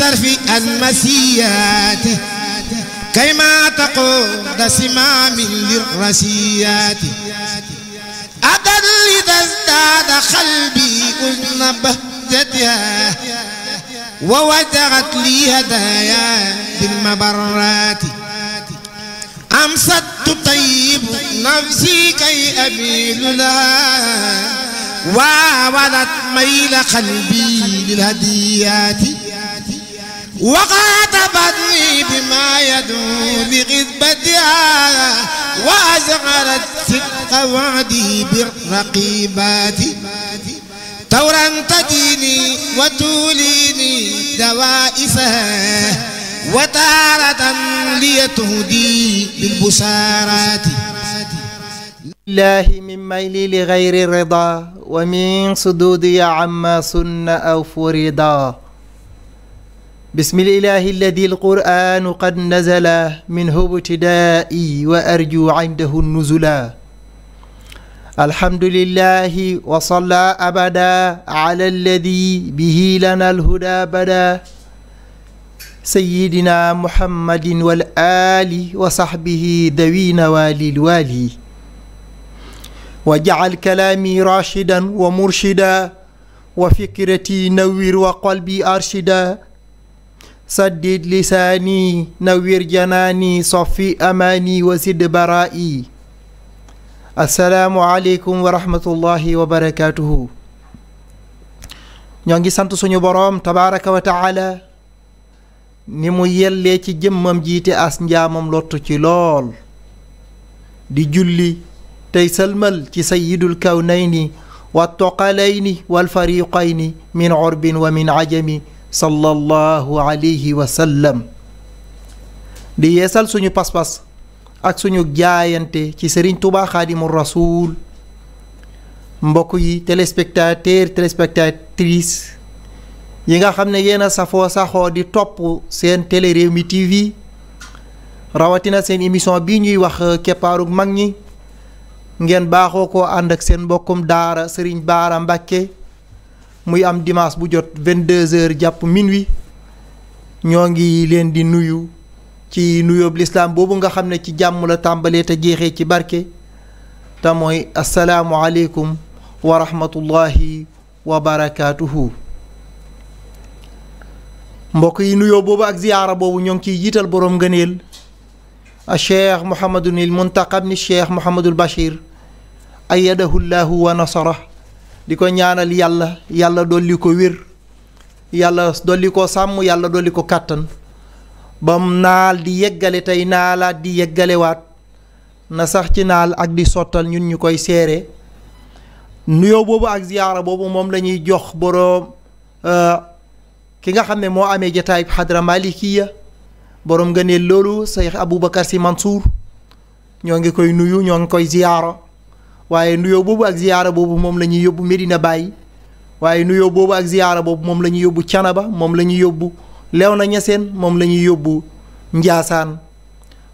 الصرف المسيات كيما تقود سمام للرسيات أبدا إذا ازداد قلبي أذن بهجتها ووجهت لي هدايا بالمبرات أمست تطيب نفسي كي أميل لها وولت ميل قلبي للهديات وخاطبتني بما يدعو لغذبتها وأزغرت صدق وعدي بالرقيبات ثورا تديني وتوليني دوائسها وتارة ليتهدي بالبشارات الله من ميل لغير رضا ومن صدود يا عما سن أو فرضا بسم الإله الذي القرآن قد نزل منه ابتدائي وأرجو عنده النزلا الحمد لله وصلى أبدا على الذي به لنا الهدى بدا سيدنا محمد والآل وصحبه ذوي نوال الوالي وجعل كلامي راشدا ومرشدا وفكرتي نوّر وقلبي أرشدا saddid lisaani nawwir janaani soffi amaani wa sidd baraa'i asalaamu aleykum wa wa barakaatuhu ñoo ngi sant suñu boroom tabaaraka wa taala ni mu yellee ci jëmmam jiite as njaamam lot ci lool di julli tey sëlmal ci sayyidul kawnayni wa toqalayni wal fariqayni min urbin wa min ajami sallallahu alayhi wa sallam di yeesal suñu pas-pas ak suñu jaayante ci sëriñ tubaa xaadimu rasuul mbokk yi téléspectateur téléspectatrice yi nga xam ne yéen safoo saxoo di topp seen télé Rewmi TV rawatina seen émission bi ñuy wax keppaaru mag ñi ngeen baaxoo ko ànd ak seen mbokkum daara sëriñ baara mbàkke muy am dimanche bu jot vingt deux heures jàpp minuit ñoo ngi leen di nuyu ci nuyoob lislaam boobu nga xam ne ci jàmm la tàmbalee te jeexee ci barke te mooy asalaamualeykum wa rahmatullahi wa barakaatuhu mbokk yi nuyoo boobu ak ziyaara boobu ñoo ngi ciy jiital boroom ngëneel cheikh muhammadunil muntaqa bni cheikh muhammadul bachir ayadahu llahu wa nasara di ko ñaanal yàlla yàlla dolli ko wér yàlla dolli ko sàmm yàlla dolli ko kàttan bam naal di yeggale tey naalaat di yeggalewaat na sax ci naal ak di sottal ñun ñu koy seere nuyoo boobu ak ziyaara boobu moom la ñuy jox boroom euh, ki nga xam ne moo amee jataayub xadra malikiya boroom nga ne loolu Cheikh Aboubacar Sy Mansour ñoo ngi koy nuyu ñoo ngi koy ziyaara waaye nuyoo boobu ak ziyaara boobu moom la ñuy yóbbu Medina Baye waaye nuyoo boobu ak ziyaara boobu moom la ñuy yóbbu Canaba moom la ñuy yóbbu Léona Niassène moom la ñuy yóbbu Ndiassane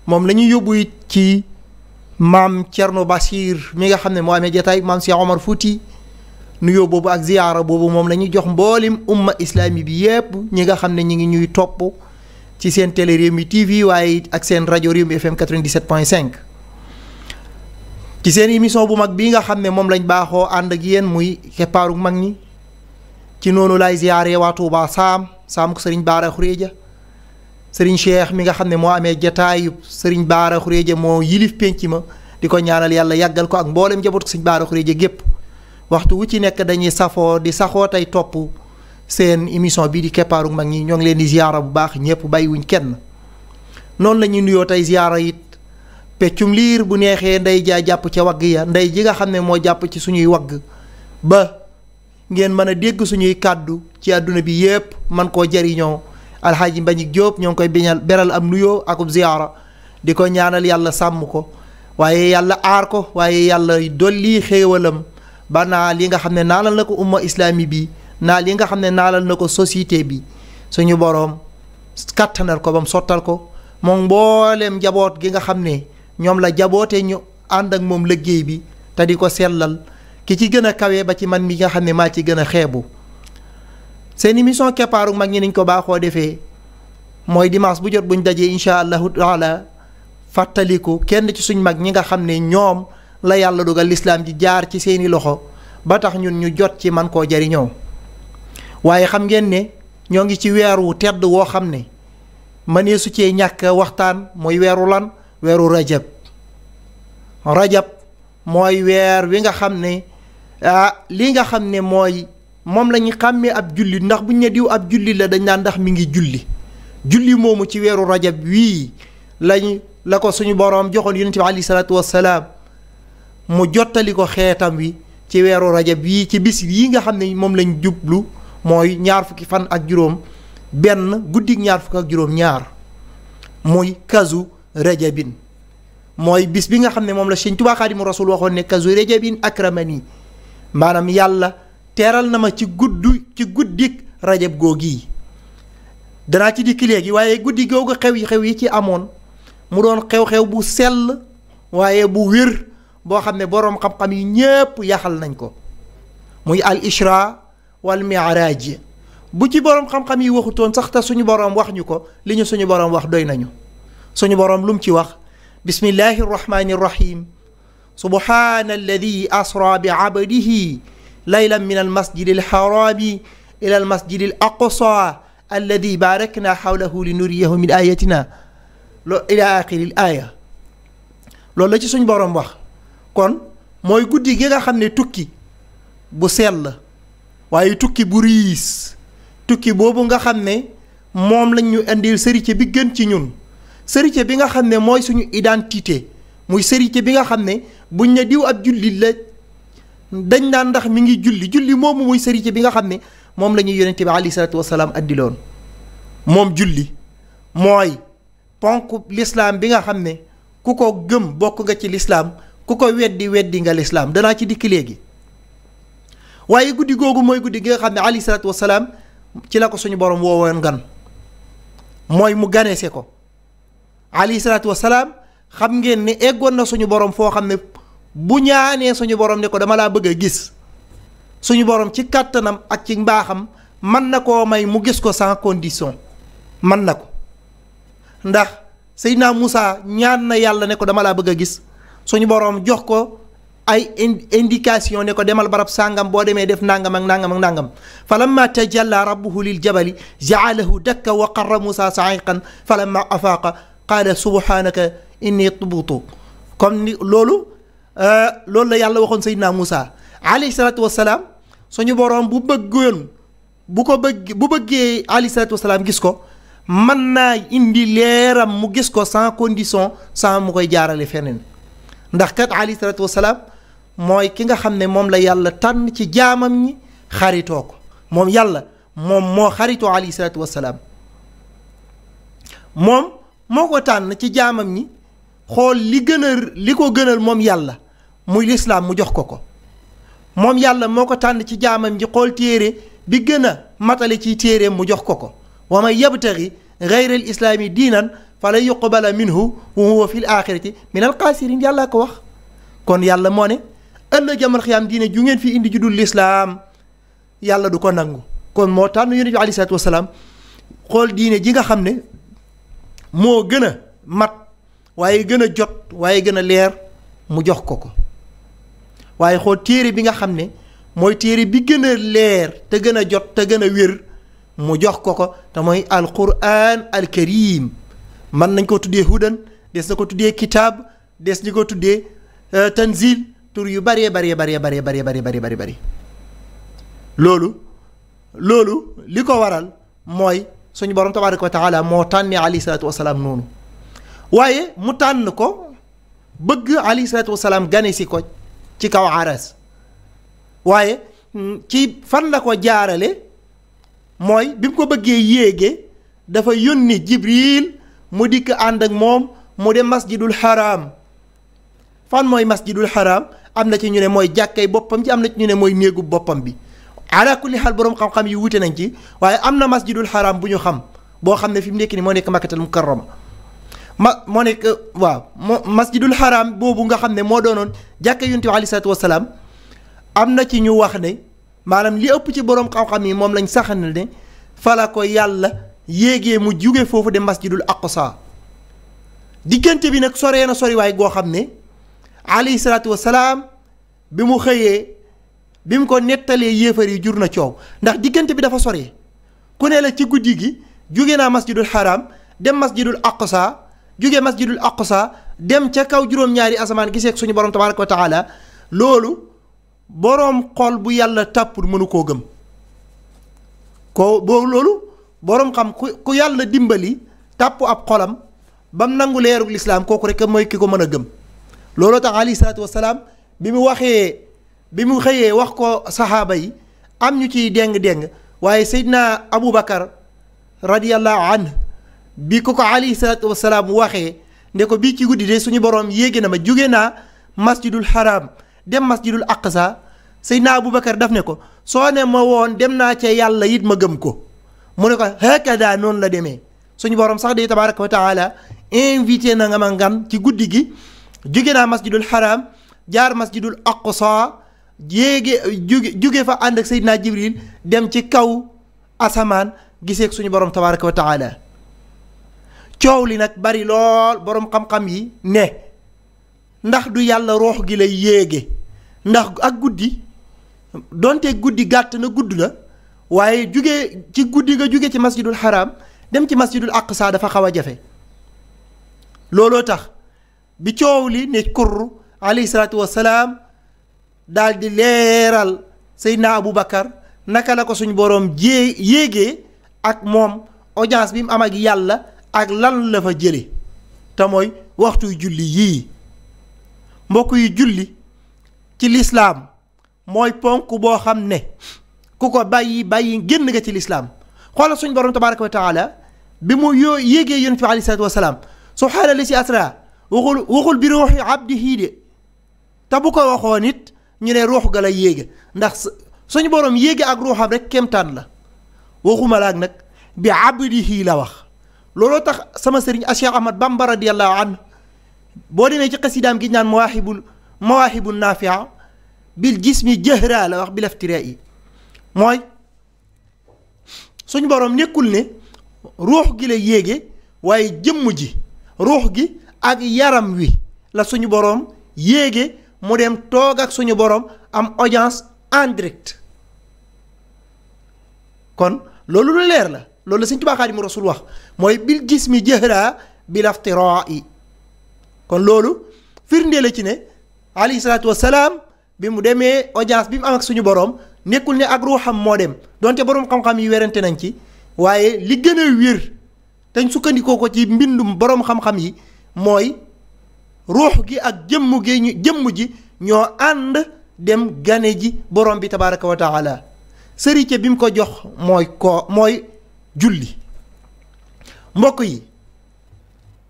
moom la ñuy yóbbu it ci maam Thierno Bachir mi nga xam ne moo amee jataay maam Cheikh Omar Fouti nuyoo boobu ak ziyaara boobu moom la ñuy jox mboolim umma islami bi yépp ñi nga xam ne ñi ngi ñuy topp ci seen télé Rewmi TV waaye ak seen rajo réew Rewmi FM 97.5. ci seen émission bu mag bii nga xam ne moom lañ baaxoo ànd ak yéen muy keppaaru mag ñi ci noonu laay ziyaare waatu Touba saam saam ko sëriñ Baara Xuréja sëriñ Cheikh mi nga xam ne moo amee jataayub sëriñ Baara ja moo yilif penc ma di ko ñaanal yàlla yàggal ko ak mboolem njaboot ko sëriñ Baara Xuréja gépp waxtu wu ci nekk dañuy safoo di saxoo tey topp seen émission bii di keppaaru mag ñi ñoo ngi leen di ziyaara bu baax ñëpp bàyyiwuñ kenn noonu it peccum liir bu neexee ndey jaa jàpp ca wagg ya ndey ji nga xam ne moo jàpp ci suñuy wagg ba ngeen mën a dégg suñuy kàddu ci àdduna bi yépp man koo jariñoo alxaaji Mbagnick Diop ñoo ngi koy biñal beral am nuyoo akub ziyaara di ko ñaanal yàlla sàmm ko waaye yàlla aar ko waaye yàlla dolli xéewalam ba naa li nga xam ne naalal na ko umma islaami bi naa li nga xam ne naalal na ko société bi suñu boroom kattanal ko bam sottal ko moom mbooleem njaboot gi nga xam ne ñoom la jaboote ñu ànd ak moom liggéey bi te di ko sellal ki ci gën a kawe ba ci man mi nga xam ne maa ci gën a xeebu seen émission keppaaru mag ñi niñ ko baaxoo defee mooy dimanche bu jot buñ dajee incha allahu taala fàttaliku kenn ci suñ mag ñi nga xam ne ñoom la yàlla dugal lislaam ji jaar ci seeni loxo ba tax ñun ñu jot ci man koo jariñoo waaye xam ngeen ne ñoo ngi ci weer wu tedd woo xam ne mënee su cee ñàkk waxtaan mooy weeru lan weeru rajab rajab mooy weer wi nga xam ne ah li nga xam ne mooy moom lañuy xàmmee ab julli ndax buñ ne diw ab julli la dañ naan ndax mi ngi julli julli moomu ci weeru rajab wii lañ la ko suñu borom joxoon yonent bi alayhi salaatu wassalaam mu jottali ko xeetam wi ci weeru rajab yii ci bis yi nga xam ne moom lañ jublu mooy ñaar fukki fan ak juróom benn guddi ñaar fukk ak juróom ñaar muy kazu rajabin mooy bis bi nga xam ne moom la Sëñ Tuubaa Xaadimu Rasuul waxoon ne kazu rajabin akramani maanaam yàlla teeral na ma ci guddu ci guddik rajab googi danaa ci dikk léegi waaye guddi googu xew yi xew yi ci amoon mu doon xew-xew bu sell waaye bu wér boo xam ne boroom xam-xam yi ñépp yaxal nañ ko muy al ishra wal miraaj bu ci boroom xam-xam yi waxutoon sax te suñu boroom wax ñu ko li ñu suñu boroom wax doy nañu suñu boroom lu mu ci wax bismillahi irrahmani irrahim subhana alladi asra bi abdihi laylan min almasjidi alxarami ila almasjidi al aqsa alladi barakna xawlahu li nuriyahu min ayatina lo ila axiri l aaya la ci suñ boroom wax kon mooy guddi gi nga xam ne tukki bu sell waaye tukki bu riis tukki boobu nga xam ne moom lañ ñu indil sëriñ bi gën ci ñun sërite bi nga xam ne mooy suñu identité muy sërite bi nga xam ne buñ ne diw ab jullit la dañ naan ndax mi ngi julli julli moom muy sërite bi nga xam ne moom la ñuy yonente bi alayhi salaatu wasalaam addiloon moom julli mooy ponk lislaam bi nga xam ne ku ko gëm bokk nga ci lislaam ku ko weddi weddi nga lislaam danaa ci dikk léegi waaye guddi googu mooy guddi gi nga xam ne alayhi salaatu wasalaam ci la ko suñu borom woowoon gan mooy mu ganese ko alayhi salaatu wasalaam xam ngeen ni eggoon na suñu boroom foo xam ne bu ñaanee suñu boroom ne ko dama laa bëgg a gis suñu boroom ci kàttanam ak ci mbaaxam mën na koo may mu gis ko sans condition mën na ko ndax Seydina Moussa ñaan na yàlla ne ko dama laa bëgg a gis suñu borom jox ko ay indication ne ko demal barab sàngam boo demee def nangam ak nangam ak nangam falamma tajalla rabbuhu lil jabali jaalahu dakka wa qarra Moussa saiqan falamma afaaqa qaala subhaanaka inni tubtu comme ni loolu euh, loolu la yàlla waxoon Seydina naa alayhi salaatu wasalaam suñu boroom bu bëggoon bu ko bëgg bu bëggee alayhi salaatu gis ko mën naa indi leeram mu gis ko sans condition sans mu koy jaarale feneen ndax kat alayhi salaatu mooy ki nga xam ne moom la yàlla tànn ci jaamam ñi xaritoo ko moom yàlla moom moo xaritoo alayhi salaatu moom moo ko tànn ci jaamam ñi xool li gën ko gënal moom yàlla muy lislaam mu jox ko ko moom yàlla moo ko tànn ci jaamam ñi xool téere bi gën a matale ci téereem mu jox ko ko wa man yabtaghi ghayra al islaami diinan fa lan yuqbala minhu wa huwa fi l axirati min al xaasiriin ko wax kon yàlla moo ne ëllëg jamal xiyaam diine ju ngeen fi indi ju dul lislaam yàlla du ko nangu kon moo tànn yonent bi aleyhi salaatu wasalaam xool diine ji nga xam ne moo gën a mat waaye gën a jot waaye gën a leer mu jox ko ko waaye xool téere bi nga xam ne mooy téere bi gën a leer te gën a jot te gën a wér mu jox ko ko te mooy alquran alkarim mën nañ koo tuddee hudan des na ko tuddee kitaab des ñi ko tuddee euh, tanzil tur yu bëree bëree bëree bëree bëree bëri bëri bëri bëri loolu loolu li ko waral mooy suñu borom tabaaraka wa moo tànnee alayhi salaatu wasalaam noonu waaye mu tànn ko bëgg alayhi salaatu wasalaam gane si ko ci kaw aras waaye mm, ci fan la ko jaarale mooy bi mu ko bëggee yéege dafa yónni jibril mu dikk ànd ak moom mu dem masjidul haram fan mooy masjidul haram am na ci ñu ne mooy jàkkay boppam ci am na ci ñu ne mooy néegu boppam bi ala kulli xaal boroom xam-xam yi wute nañ ci waaye am na masjidul xaram bu ñu xam boo xam ne fi nekk ni moo nekk makkatal mukarrama ma moo nekk waaw moo masjidul xaram boobu nga xam ne moo doonoon jàkka yonent bi aleyhi am na ci ñu wax ne maanaam li ëpp ci boroom xam-xam yi moom lañ saxanal ne fala ko yàlla yéegee mu jóge foofu de masjidul aqsa diggante bi nag soree na sori waay goo xam ne aleyhi salaatu wasalaam bi mu xëyee bi mu ko nettalee yéefar yi jur na coow ndax diggante bi dafa sori ku ne la ci guddi gi jóge naa masjidul haram dem masjidul aqsa jóge masjidul aqsa dem ca kaw juróom-ñaari asamaan gisee ak suñu borom tabaraka wa taala loolu boroom xol bu yàlla tàppul mënu koo gëm ko boo loolu boroom xam ku ku yàlla dimbali tàpp ab xolam bam nangu leeru lislaam kooku rek mooy ki ko mën a gëm looloo tax alayhi salaatu wasalaam bi mu waxee bi mu xëyee wax ko saxaaba yi am ñu ciy déng-déng waaye seydina aboubacar radiallahu anh bi ko ko alayhi salaatu waxee ne ko bii ci guddi de suñu boroom yéegi na ma jóge naa masjidul haram dem masjidul naa seydina aboubacar daf ne ko soo ne ma woon dem naa ca yàlla it ma gëm ko mu ne ko hakada noonu la demee suñu borom sax day tabaraka wa invité na nga ma ngan ci guddi gi jóge naa masjidul haram jaar masjidul aqsa yéege jóge jóge fa ànd ak Seydina Jibril dem ci kaw asamaan gisee ak suñu borom tabaraka wa taala coow li nag bari lool borom xam-xam yi ne ndax du yàlla roox gi lay yéege ndax ak guddi donte guddi gàtt na gudd la waaye jóge ci guddi nga jóge ci masjidul haram dem ci masjidul saa dafa xaw a jafe looloo tax bi coow li ne kurr alayhi salaatu daal di leeral Seydina Aboubacar naka la ko suñ boroom jée yéege ak moom audience bi mu am ak yàlla ak lan la fa jële te mooy waxtu julli yii mbokk yu julli ci lislaam mooy ponk boo xam ne ku ko bàyyi bàyyi génn nga ci lislaam xoola suñ boroom tabaraka wa taala bi mu yoo yéegee yonent bi aleyhi salaatu wasalaam subhaana li si asra waxul waxul bi ruuxi abdihi de te bu ko waxoon it ñu ne ruux ga la yéege ndax suñu borom yéege ak ruuxam rek kéemtaan la waxuma la ak nag bi abdihi la wax looloo tax sama sëriñ Cheikh Ahmad Bamba radiyallahu anhu boo demee ci xasidaam gi naan mawaahibul mawaahibul naafia bil jismi jëhra la wax bil iftira yi mooy suñu borom nekkul ne ruux gi la yéege waaye jëmm ji ruux gi ak yaram wi la suñu boroom yéege mu dem toog ak suñu borom am audience en kon loolu lu leer la loolu la Sëñ Tuubaa Xaadimu Rasuul wax mooy bil jismi jëhraa bil yi kon loolu firnde la ci ne alayhi salaatu wasalaam bi mu demee audience bi mu am ak suñu borom nekkul ne ak ruuxam moo dem donte borom xam-xam yi werante nañ ci waaye li gën a wér te ñu sukkandikoo ko ci mbindum boroom xam-xam yi mooy. ruux gi ak jëmm gi jëmm ji ñoo ànd dem gane ji borom bi tabaraka wa taala sërite bi mu ko jox mooy ko mooy julli mbokk yi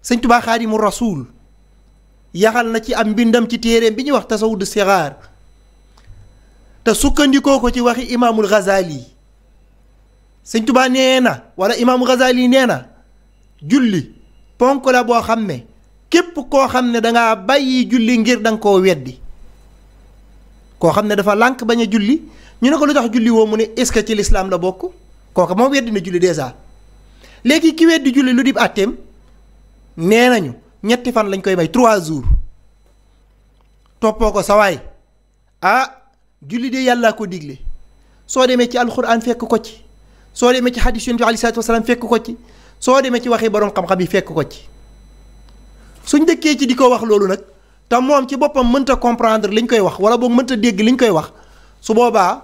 sëñ tubaa xaadimu rasuul yaxal na ci am mbindam ci téere bi ñuy wax tasawudu sixaar te sukkandikoo ko ci waxi imaamul Ghazali sëñ tubaa nee na wala imaamul Ghazali nee na julli ponk la boo xam ne képp koo xam ne dangaa bàyyi julli ngir danga nga koo weddi koo xam ne dafa lànk bañ a julli ñu ne ko lu tax julli woo mu ne est ce que ci lislaam la bokk kooka moom weddi na julli dèjà léegi ki weddi julli lu dib àtteem nee nañu ñetti fan lañ koy may trois jours toppoo ko sawaay ah julli de yàllaa ko digle soo demee ci alxuraan fekk ko ci soo demee ci xadis yonent bi aleyhi salaatu wasalaam fekk ko ci soo demee ci waxi boroom xam-xam yi fekk ko ci suñ ndëkkee ci di ko wax loolu nag te moom ci boppam mënta comprendre liñ koy wax wala boog mënta dégg liñ koy wax su boobaa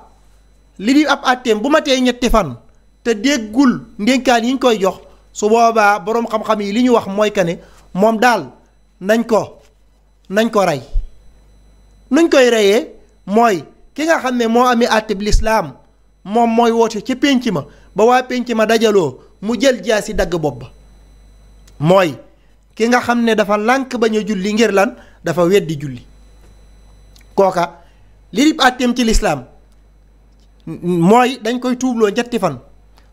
li di ab àtteem bu matee ñetti fan te déggul ndénkaan yi koy jox su boobaa boroom xam-xam yi li ñu wax mooy que ne moom daal nañ ko nañ ko rey nuñ koy reyee mooy ki nga xam ne moo amee àtteb lislaam moom mooy woote ci pénc ma ba waa pénc ma dajaloo mu jël si dagg bopp ba mooy ki nga xam ne dafa lànk bañ a julli ngir lan dafa weddi julli kooka li rib àtteem ci lislaam mooy dañ koy tuubloo ñetti fan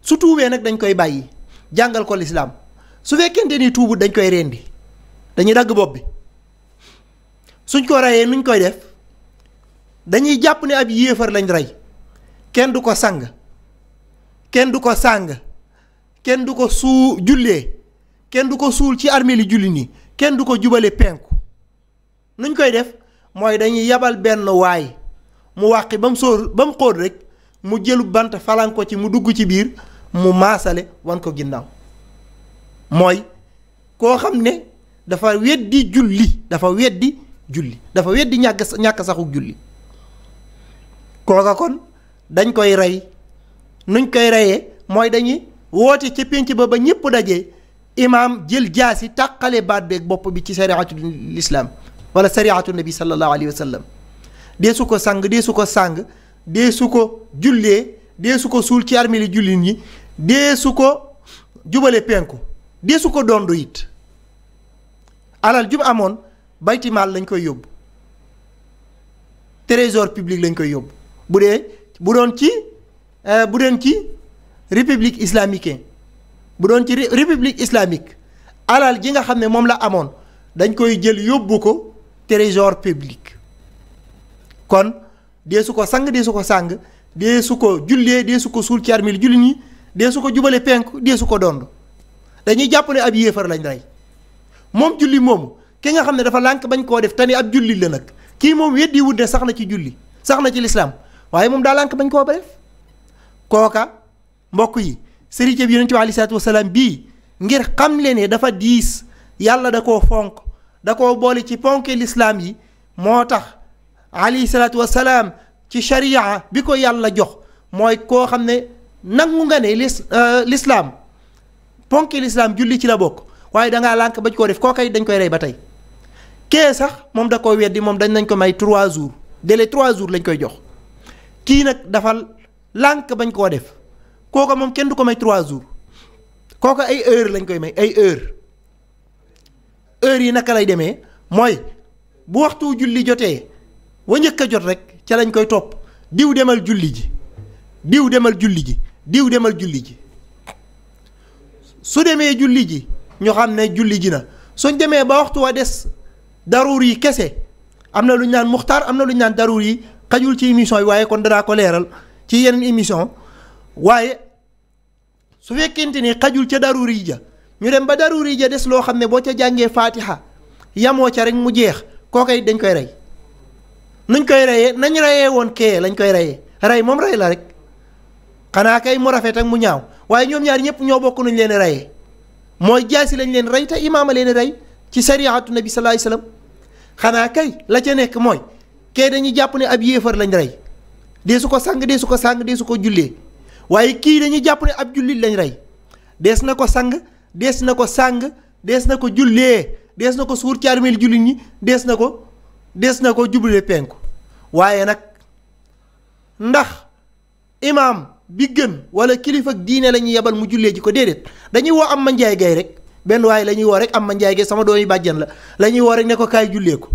su tuubee nag dañ koy bàyyi jàngal ko lislaam su fekkente ni tuubut dañ koy rendi dañuy dagg bopp bi suñ ko reyee nuñ koy def dañuy jàpp ne ab yéefar lañ rey kenn du ko sàng kenn du ko sàng kenn du ko suu jullee kenn du ko suul ci armée li julli nii kenn du ko jubale penku nuñ koy def mooy dañuy yabal benn waay mu wàqi ba mu sóor ba mu xóot rek mu jëlu bant falan ko ci mu dugg ci biir mu maasale wan ko ginnaaw mooy koo xam ne dafa weddi julli dafa weddi julli dafa weddi ñàkk ñàkk saxuk julli kooka kon dañ koy rey nuñ koy reyee mooy dañuy woote ci pénc ba ba ñépp dajee imaam jël jaasi tàqale baat beeg bopp bi ci sariatu lislaam wala sariatu nabi sallallahu alayhi wa sallam dee su ko sang dee su ko sàng su ko jullee dee su ko suul ci armeli jullit ñi dee su ko jubale penku dee ko doon du it alal jub amoon baytimaal lañ koy yóbbu trésor public lañ koy yóbbu bu dee bu doon ci eh, bu doon ci république islamique bu doon ci république islamique alal ji nga xam ne moom la amoon dañ koy jël yóbbu ko trésor public kon dee su ko sang dee su ko sàng dee su ko jullee dee su ko suul ci armeel jullit ñi dee su ko jubale penku dee su ko dond dañuy jàpp ne ab yéefar lañ rey moom julli moomu ki nga xam ne dafa lànk bañ koo def te ni ab julli la nag kii moom weddi wut ne sax na ci julli sax na ci lislaam waaye moom daa lànk bañ koo ba def kooka mbokk yi sëriñ bi yonent bi aleyhi salaatu wasalaam bii ngir xam le ne dafa diis yàlla da koo fonk da ko boole ci ponke lislaam yi moo tax aleyhi salaatu wasalaam ci sharia bi ko yàlla jox mooy koo xam ne nangu nga ne lis lislaam ponke euh, lislaam julli ci la bokk waaye dangaa lànk bañ koo def koo kay dañ koy rey ba tey kee sax moom da koo weddi moom dañ nañ ko may trois jours délai trois jours lañ koy jox kii nag dafa lànk bañ koo def kooka moom kenn du ko may trois jours kooka ay heure lañ koy may ay heure heure yi naka lay demee mooy bu waxtu julli jotee wa njëkk jot rek ca lañ koy topp diw demal julli ji diw demal julli ji diw demal julli ji su demee julli ji ñu xam ne julli ji na suñ demee ba waxtu wa des daruur yi kese am na lu ñu naan muxtaar am na lu ñu naan daruur yi xajul ci émission yi waaye kon danaa ko leeral ci yeneen émission waaye su fekkente ne xajul ca daruri ja ñu dem ba daruri ja des loo xam ne boo ca jàngee faatiha yamoo ca rek mu jeex yi dañ koy rey nuñ koy reyee nañ reyee woon kee lañ koy reyee rey moom rey la rek xanaa kay mu rafet ak mu ñaaw waaye ñoom ñaar ñëpp ñoo bokk nuñ leen reyee mooy jaasi lañ leen rey te imaama leen rey ci sariyaatu nabi salaay salaam xanaa kay la ca nekk mooy kee dañuy jàpp ne ab yéefar lañ rey dee su ko sàng dee su ko sàng dee su ko jullee waaye kii dañuy jàpp ne ab jullit lañ rey dees na ko sang dees na ko sàng dees na ko jullee dees na ko suur ci armeel jullit ñi dees na ko dees na ko juble penku waaye nag ndax imaam bi gën wala kilifa diine la ñuy yebal mu jullee ji ko déedéet dañuy woo am ma njaay gay rek benn waay la ñuy woo rek am ma njaay gay sama doomi bàjjan la lañuy ñuy woo rek ne ko kaay jullee ko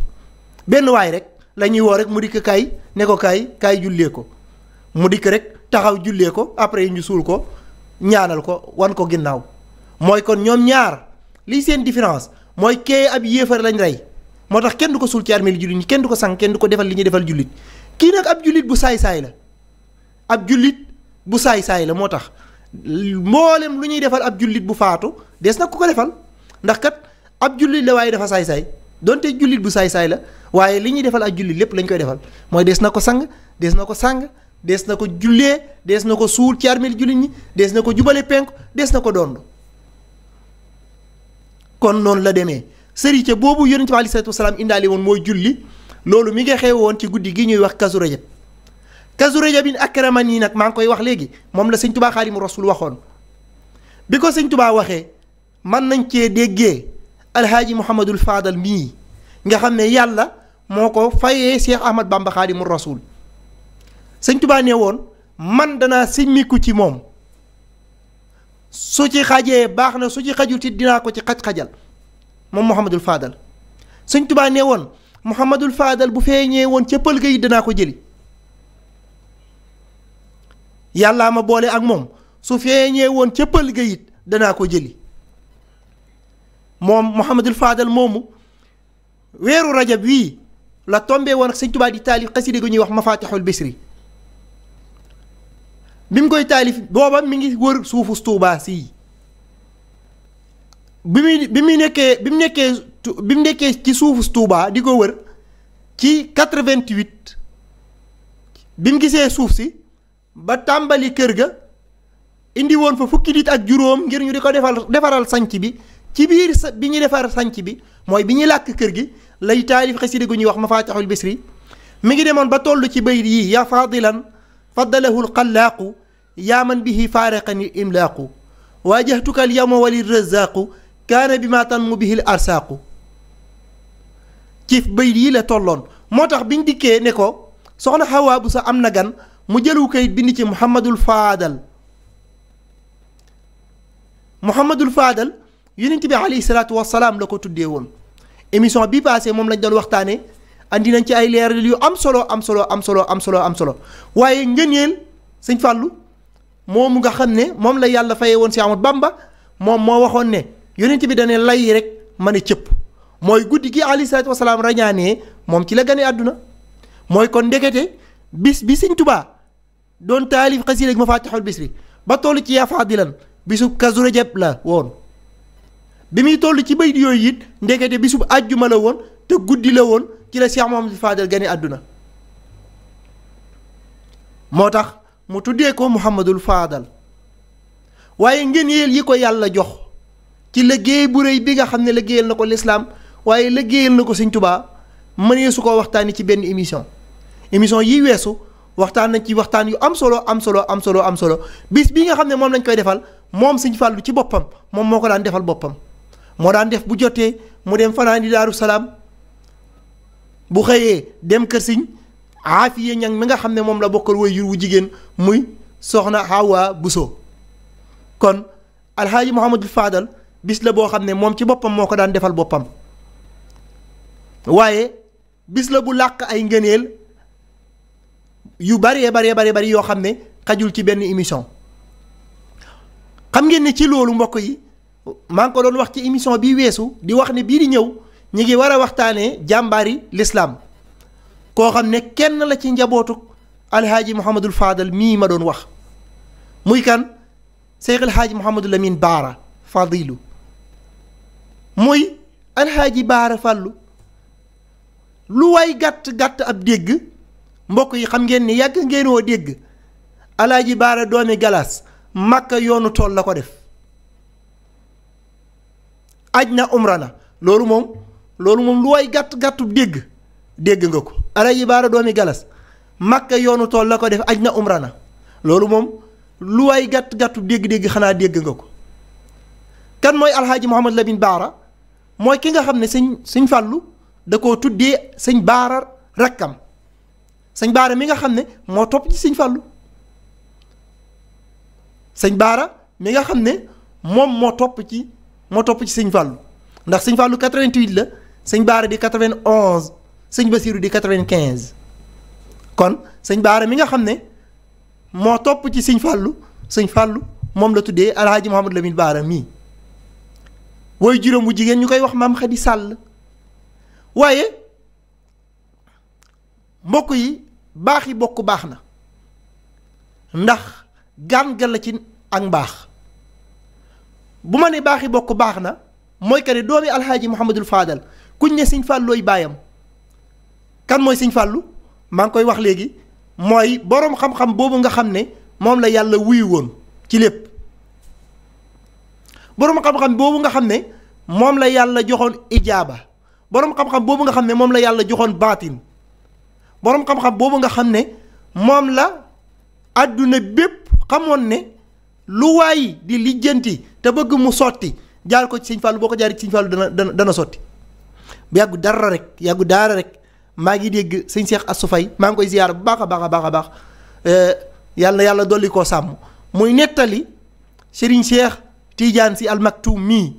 benn waay rek lañuy woo rek mu dikk kaay ne ko kaay kaay jullee ko mu dikk rek taxaw jullee ko après ñu suul ko ñaanal ko wan ko ginnaaw mooy kon ñoom ñaar lii seen différence mooy kee ab yéefar lañ rey moo tax kenn du ko suul ci armée li ñi kenn du ko sang kenn du ko defal li ñuy defal jullit kii nag ab jullit bu saay-saay la ab jullit bu saay-saay la moo tax mboolem lu ñuy defal ab jullit bu faatu des nag ku ko defal ndax kat ab jullit la waaye dafa saay-saay donte jullit bu saay-saay la waaye li ñuy defal ak jullit lépp lañ koy defal mooy des na ko sang des na ko sang des na ko jullee des na ko suul ci armeel jullit ñi des na ko jubale penku des na ko dond kon noonu la demee sërite boobu yonent bi aleyhi salaatu wasalaam indaale moom mooy julli loolu mi nga xew woon ci guddi gi ñuy wax kazu rajab bi rajab bi akramani nag maa ngi koy wax léegi moom la sëñ tubaa xaadimu rasul waxoon bi ko sëñ tubaa waxee man nañ cee déggee alhaaji muhammadul faadal mii nga xam ne yàlla moo ko fayee cheikh ahmad bamba xaadimu rasul sëñ Tuubaa nee woon man danaa simmiku ci moom su ci xajee baax na su ci xajul ci dinaa ko ci xaj-xajal moom Mouhamadul Fadal sëñ Tuubaa nee woon Mouhamadul Fadal bu feeñee woon ca pël ga ko jëli yàllaa ma boole ak moom su feeñee woon ca pël danaa ko jëli moom Mouhamadul Fadal moomu weeru rajab wii la tombee woon ak sëñ Tuubaa di taalif xaside gu ñuy wax mafatixul bisri bi mu koy taalif booba mi ngi wër suufu Tuubaa sii bi muy bi muy nekkee bi mu nekkee bi mu nekkee ci suufu Tuubaa di ko wër ci 88 bi mu gisee suuf si ba tàmbali kër ga indi woon fa fukki diit ak juróom ngir ñu di ko defal defaral sanc bi ci biir bi ñuy defar sanc bi mooy bi ñuy làkk kër gi lay taalif xasida gu ñuy wax ma mafaatixul bisri mu ngi demoon ba toll ci bayit yii yaa faadilan فضله القلاق يا من به فارقني الإملاق واجهتك اليوم وللرزاق كان بما تنمو به الأرساق ci bayit yi la tolloon moo tax biñ dikkee ne ko soxna Hawa bu sa am na gan mu jëlu kayit bind ci Muhammadul Faadal Muhammadul Faadal yonent bi alayhi salaatu wa salaam la ko tuddee woon émission bi passé moom lañ doon waxtaanee. andi nañ ci ay leeral yu am solo am solo am solo am solo am solo waaye ngëneel sëñ Fallou moomu nga xam ne moom la yàlla fayee woon si Ahmadu Bamba moom moo waxoon ne yonent bi dane lay rek ma ne cëpp mooy guddi gi aleyhi salaatu wasalaam rañaanee moom ci la gane àdduna mooy kon ndekete bis bi sëñ Tubaa doon taalif xasiida bis Bisri ba toll ci yaa faadilan bisub Kazu Rajab la woon bi muy toll ci bayit yooyu it ndekete bisub àjjuma la woon te guddi la woon ci la Cheikh Mouhamadou Fadel gane àdduna moo tax mu tuddee ko Mouhamadul Fadal waaye ngëneel yi ko yàlla jox ci liggéey bu rëy bi nga xam ne liggéeyal na ko lislaam waaye liggéeyal na ko Sëñ Tubaa mënee su ko waxtaani ci benn émission émission yi weesu waxtaan nañ ci waxtaan yu am solo am solo am solo am solo bis bi nga xam ne moom lañ koy defal moom Sëñ Fàllu ci boppam moom moo ko daan defal boppam moo daan def bu jotee mu dem fanaan di Daaru Salaam bu xëyee dem kër siñ aafiye ñang mi nga xam ne moom la bokkal way jur wu jigéen muy soxna Hawa Buso kon alxaaji Mouhamadul Faadal bis la boo xam ne moom ci boppam moo ko daan defal boppam waaye bis la bu làq ay ngëneel yu baree baree baree bari yoo xam ne xajul ci benn émission xam ngeen ne ci loolu mbokk yi maa ngi ko doon wax ci émission bii weesu di wax ni bii di ñëw ñi ngi war a waxtaanee jàmbaari lislaam koo xam ne kenn la ci njabootuk alhaaji Mouhamadul Fadal mii ma doon wax muy kan Seex alhaaji Mouhamadul Amin Baara Fadilu muy alhaaji Baara Fàllu lu waay gàtt-gàtt ab dégg mbokk yi xam ngeen ni yàgg ngeen woo dégg alaaji Baara doomi Galaas Makka yoonu tool la ko def aj na umra na loolu moom loolu moom lu way gàtt gàttu dégg dégg nga ko yi baara doomi galas makka yoonu tool la ko def aj na umra na loolu moom lu waay gàtt gàttu dégg-dégg xanaa dégg nga ko kan mooy alxaaji Mouhamad Lamine Baara mooy ki nga xam ne sëñ sëñ fàllu da koo tuddee sëñ baara rakkam sëñ baara mi nga xam ne moo topp ci sëñ fàllu sëñ baara mi nga xam ne moom moo topp ci moo topp ci sëñ fàllu ndax sëñ fàllu 88 la sëñ Baara di 91 sëñ Basiiru di 95 kon sëñ Baara mi nga xam ne moo topp ci sëñ Fàllu sëñ Fàllu moom la tuddee alhaaji Mouhamadou Lamine Baara mii woy juróom jigéen ñu koy wax maam Xadi Sàll waaye mbokk yi baax yi bokk baax na ndax gàngal ci ak mbaax bu ma ne baax yi bokk baax na mooy que ne doomi alhaaji Mouhamadul Fadal kuñ ne sëñ Fallou looy baayam kan mooy sëñ Fallou maa ngi koy wax léegi mooy boroom xam-xam boobu nga xam ne moom la yàlla wuyu woon ci boroom xam boobu nga xam ne moom la yàlla joxoon ijaaba boroom xam-xam boobu nga xam ne moom la yàlla joxoon baatin boroom xam boobu nga xam ne moom la àdduna bépp xamoon ne lu waay di lijjanti te bëgg mu sotti jaar ko ci sëñ Fallou boo ko jaaree ci sëñ Fallou dana dana sotti bu yàggu dara rek yàggu daara rek maa ngi dégg sëñ Cheikh Assou Faye maa ngi koy ziyaar bu baax a baax a baax a baax euh, yàlla yàlla dolli koo sàmm muy nettali Serigne Cheikh tiijaan si almaktum mii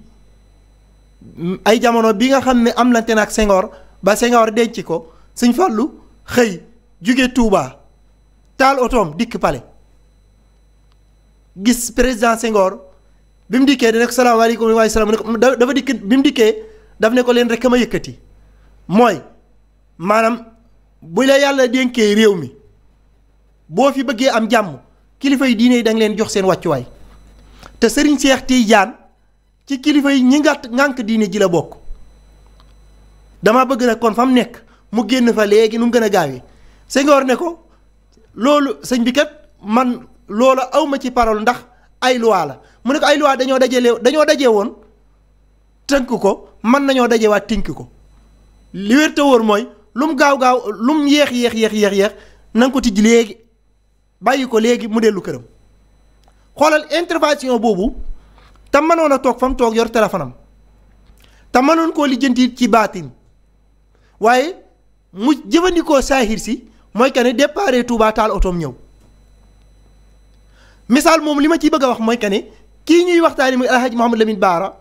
ay jamono bi nga xam ne am lante na ak sengoor ba Senghor denc ko sëñ Fallu xëy jóge tuuba taal otoom dikk pale gis président Senghor bi mu dikkee dana ko salaamaaleykum wa rahmatulah dafa dikk bi mu dikkee. daf ne ko leen rek ma yëkkati mooy maanaam bu la yàlla dénkee réew mi boo fi bëggee am jàmm kilifa yi diine yi da leen jox seen wàccuwaay te sëriñ seex tiijaan ci kilifa yi ñi nga ngànk diine ji la bokk dama bëgg nag kon fa mu nekk mu génn fa léegi nu mu gën a gaawee Senghor ne ko loolu sëñ bi man loola awma ci parole ndax ay loi la mu ne ko ay loi dañoo dajale dañoo dajee woon. tënk ko mën nañoo daje dajewaat tënk ko li wér mooy lum gaaw gaaw lum yéex yéex yéex yéex yéex na ko tijji léegi bàyyi ko léegi mu dellu këram xoolal intervention boobu te mënoon a toog fa toog yor téléphone am te mënoon koo lijjanti ci baatin waaye mu jëfandikoo saahir si mooy que ne déparé Touba taal otoom ñëw misaal moom li ma ciy bëgg a wax mooy que ne kii ñuy waxtaani muy Alhaji Mouhamadou Lamine Baara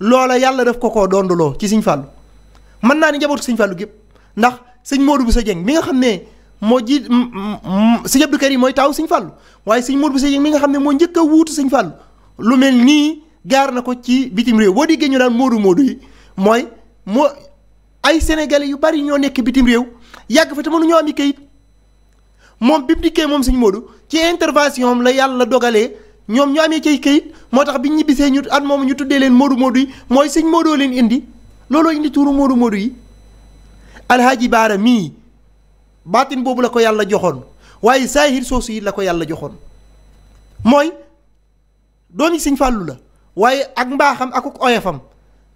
loola yàlla def ko koo dondaloo ci Sëñ Fàllu mën naa ni njabootu Sëñ Fàllu gépp ndax sëñ bu sa Dieng mi nga xam ne moo ji sëñ Abdou Karim mooy taaw Sëñ Fàllu waaye sëñ Modou Bousso Dieng mi nga xam ne moo njëkk a wuutu Sëñ Fàllu lu mel nii gaar na ko ci bitim réew boo déggee ñu daan Modou moodu yi mooy moo ay sénégalais yu bari ñoo nekk bitim réew yàgg fa te mënuñoo am i kayit moom bi dikkee moom sëñ Modou ci intervention am la yàlla dogalee ñoom ñu amee cay këyit moo tax bi ñibbisee ñu at moom ñu tuddee leen moodu moodu yi mooy sëñ moodoo leen indi looloo indi tuuru moodu moodu yi alhaaji baara mii baatin boobu la ko yàlla joxoon waaye saahir soosu yi la ko yàlla joxoon mooy doomi sëñ fàllu la waaye ak mbaaxam akuk oyofam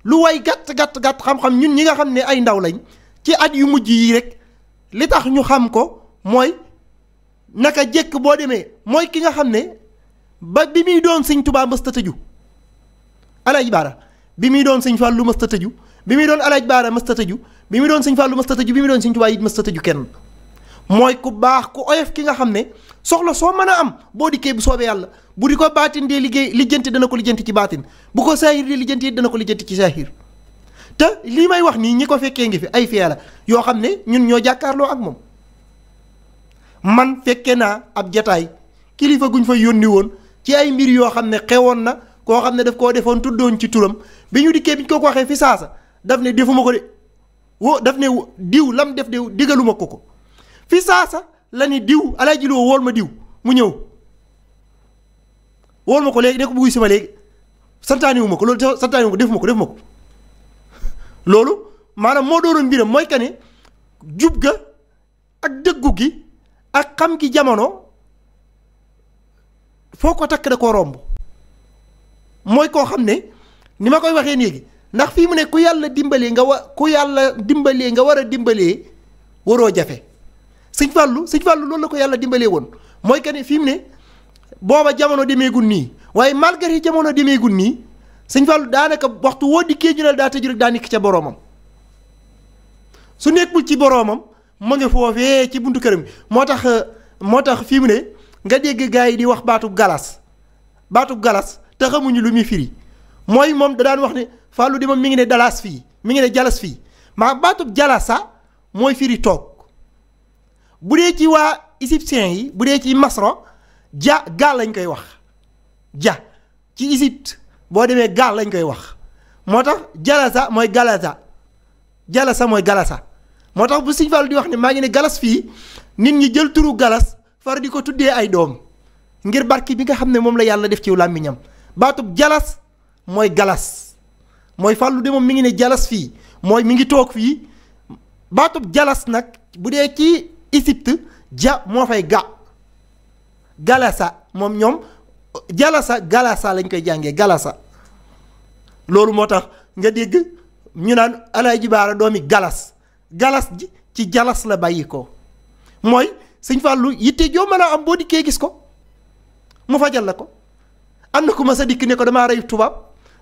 lu way gàtt gàtt gàtt xam-xam ñun ñi nga xam ne ay ndaw lañ ci at yu mujj yi rek li tax ñu xam ko mooy naka jëkk boo demee mooy ki nga xam ne ba bi muy doon sëñ tubaa mës ta tëju alaaj baara bi muy doon sëñ fàllu mës ta tëju bi muy doon alaaj baara mës ta tëju bi muy doon sëñ fàllu mës ta tëju bi muy doon sëñ tubaa it mës ta tëju kenn mooy ku baax ku oyof ki nga xam ne soxla soo mën a am boo dikkee bu soobee yàlla bu di ko baatin dee liggéey lijjanti dana ko lijjanti ci baatin bu ko saahir dee lijjanti it dana ko lijjanti ci saahir te lii may wax nii ñi ko fekkee ngi fi ay fee la yoo xam ne ñun ñoo jàkkaarloo ak moom man fekke naa ab jataay kilifa guñ fa yónni woon ci ay mbir yoo xam ne xewoon na koo xam ne daf koo defoon tuddoon ci turam bi ñu dikkee bi ñu ko ko waxee fi saasa daf ne defuma ko de wo daf ne diw lam def de digaluma ko ko fi saasa la ni diw alaaji loo wool ma diw mu ñëw wool ma ko léegi ne ko bugg si ma léegi santaani wu ma ko loolu santaani ma ko defuma ko ko loolu maanaam moo doonoon mbiram mooy que ne jub ga ak dëggu gi ak xam gi jamono foo ko takk da koo romb mooy koo xam ne ni ma koy waxee néegi ndax fii mu ne ku yàlla dimbalee nga wa ku yàlla dimbalee nga war a dimbalee waroo jafe sëñ fàllu sëñ fàllu loolu la ko yàlla dimbalee woon mooy que ne fii mu ne booba jamono demeegul nii waaye malgré jamono demeegul nii sëñ fàllu daanaka waxtu woo dikkee ñu ne daa tëju rek daa nekk ca boroomam su nekkul ci boroomam mu ngi foofee ci buntu këram moo tax moo tax fii mu ne. nga dégg gars yi di wax baatu galas baatu galas te xamuñu lu muy firi mooy moom da daan wax ne Fallou di moom mi ngi ne dalas fii mi ngi ne jalas fii maa baatub jalasa mooy firi toog bu dee ci waa égyptien yi bu dee ci masro ja gaal lañ koy wax ja ci Égypte boo demee gaal lañ koy wax moo tax jalasa mooy galasa jalasa mooy galasa moo tax bu Sëñ Fallu di wax ne maa ngi ne galas fii nit ñi jël turu galas far di ko tuddee ay doom ngir barki bi nga xam ne moom la yàlla def ci làmmiñam baatub jalas mooy galas mooy fàllu de moom mi ngi ne jalas fii mooy mi ngi toog fii baatub jalas nag bu dee ci Égypte ja moo fay ga galasa moom ñoom jalasa galasa lañ koy jàngee galasa loolu moo tax nga dégg ñu naan Alaaji Baara doomi galas galas ji ci jalas la bàyyi ko mooy sëñ Fallou yitte joo mën am boo dikkee gis ko mu fajal la ko am na ku ma sa dikk ne ko damaa rey tubaab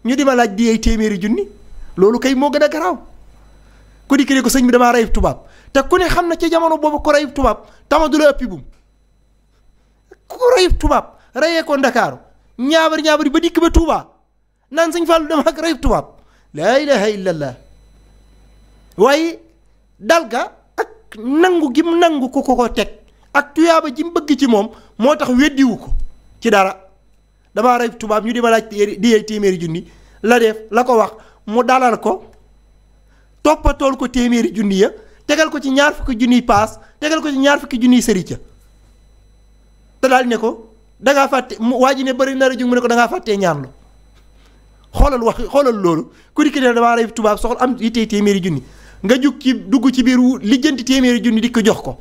ñu di ma laaj di ay téeméeri junni loolu kay moo gën a garaaw ku dikk ne ko sëñ bi damaa rey tubaab te ku xam na ci jamono boobu ko tubaab tama du la ëppi bum ku ko rey tubaab reyee ko Ndakaaru ñaabar ñaabar ba dikk ba Touba naan sëñ Fallou dama ak rey tubaab laa ilaha illallah waaye dal ga ak nangu gim nangu ku ko ko teg ak tuyaaba ji mu bëgg ci moom moo tax weddiwu ko ci dara damaa rey tubaab ñu di ma laaj di téeméeri junni la def la ko wax mu dalal ko toppatool ko téeméeri junni ya tegal ko ci ñaar fukki junniy paas tegal ko ci ñaar fukki junniy sërica te daal ne ko dangaa fàtte mu waa ji ne bari nar a jóg mu ne ko danga fàttee ñaanlu xoolal wax xoolal loolu ku dikk ne damaa rey tubaab soxla am yittee téeméeri junni nga jug ci dugg ci biir lijjanti téeméeri junni di ko jox ko